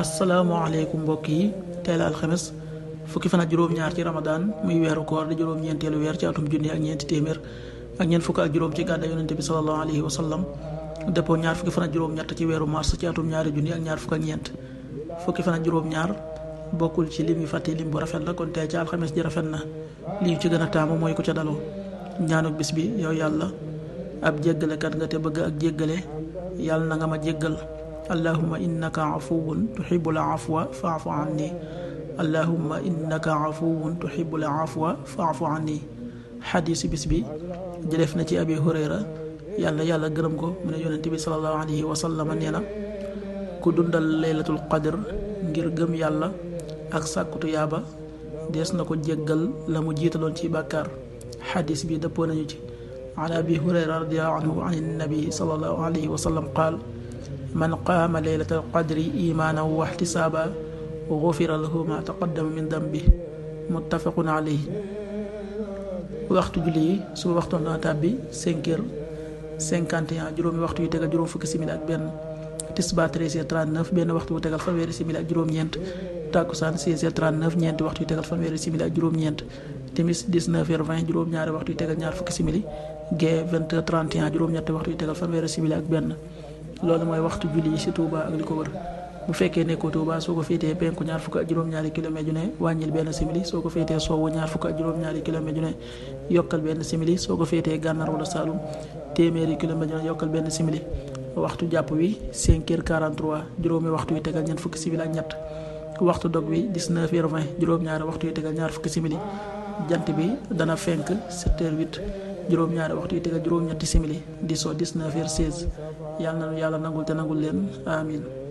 asalaamaaleykum mbokk yi tey la alxames fukki fan ak juróom-ñaar ci ramadan muy weeru koor di juróom-ñeenteelu weer ci atum junni ak ñeenti téeméer ak ñeent fukk ak juróom ci gàdda yonente bi salallahu alayhi wa sallam dëppoo ñaar fukki fan ak juróom-ñett ci weeru mars ci atum ñaari ñaar fukk ak fukki fan ak juróom bokkul ci lim yu fàtte lim bu rafet la kon tey ci alxames ji rafet na li ci gën a taamu mooy ko ca daloo ñaanuk bis bi yow yàlla ab jéggalekat nga te bëgg ak jéggale yàlla na nga ma jéggal allahuma innaka afuwun tuhibbul afwa fa'fu anni allahuma innaka afuwun tuhibbul afwa fa'fu anni xadiisu bis bi jëlef na ci abi hurayra yàlla yàlla gërëm ko mu ne yonente bi salallahu alayhi wa sallama nee na ku dundal laylatul qadr ngir gëm yàlla ak sàkkutu yaaba dees na ko jéggal la mu jiitaloon ci bàkkaar xadis bi dëppoo nañu ci an abi hurayra radiallahu anhu an nabi salallahu alayhi wa sallam qaal man qaama leylata alqadri imaanan wa ixtisaaban gufira lahu ma taqaddama min dambi muttafaqun alayhi waxtu julli yi suba waxtoon dana tàbbi cinq heures cinquante et un juróomi waxtu yu tegal juróom fukki simili ak benn tisbaar treize heures trente neuf benn waxtu bu ñeent takkusaan seize heures trente neuf ñeenti waxtu yu tegal fanweeri simili ak juróom-ñeent timis dix juróom-ñaari waxtu yu tegal ñaar fukki simili gee vingt heures trente et un juróom-ñetti waxtu yu tegal fanweeri simili ak benn loolu mooy waxtu julli yi ci Touba ak li ko wër bu fekkee nekkoo Touba soo ko féetee penku ñaar fukk ak juróom-ñaari kilomètre ju ne wàññil benn simili soo ko féetee sowwu ñaar fukk ak juróom-ñaari kilomètre ju ne yokkal benn simili soo ko féetee gànnaar wala Saalum téeméeri kilomètre ju ne yokkal benn simili waxtu jàpp wi 5 heures 43 juróomi waxtu yi tegal ñeent fukki simili ak ñett waxtu dog wi 19 heures 20 juróom-ñaari waxtu yi tegal ñaar fukki simili jant bi dana fenk 7 heures juróom-ñaari waxtu yi tegal juróom-ñetti simili di soo 19 heures 16 yàlla na yàlla nangul te nangul leen amin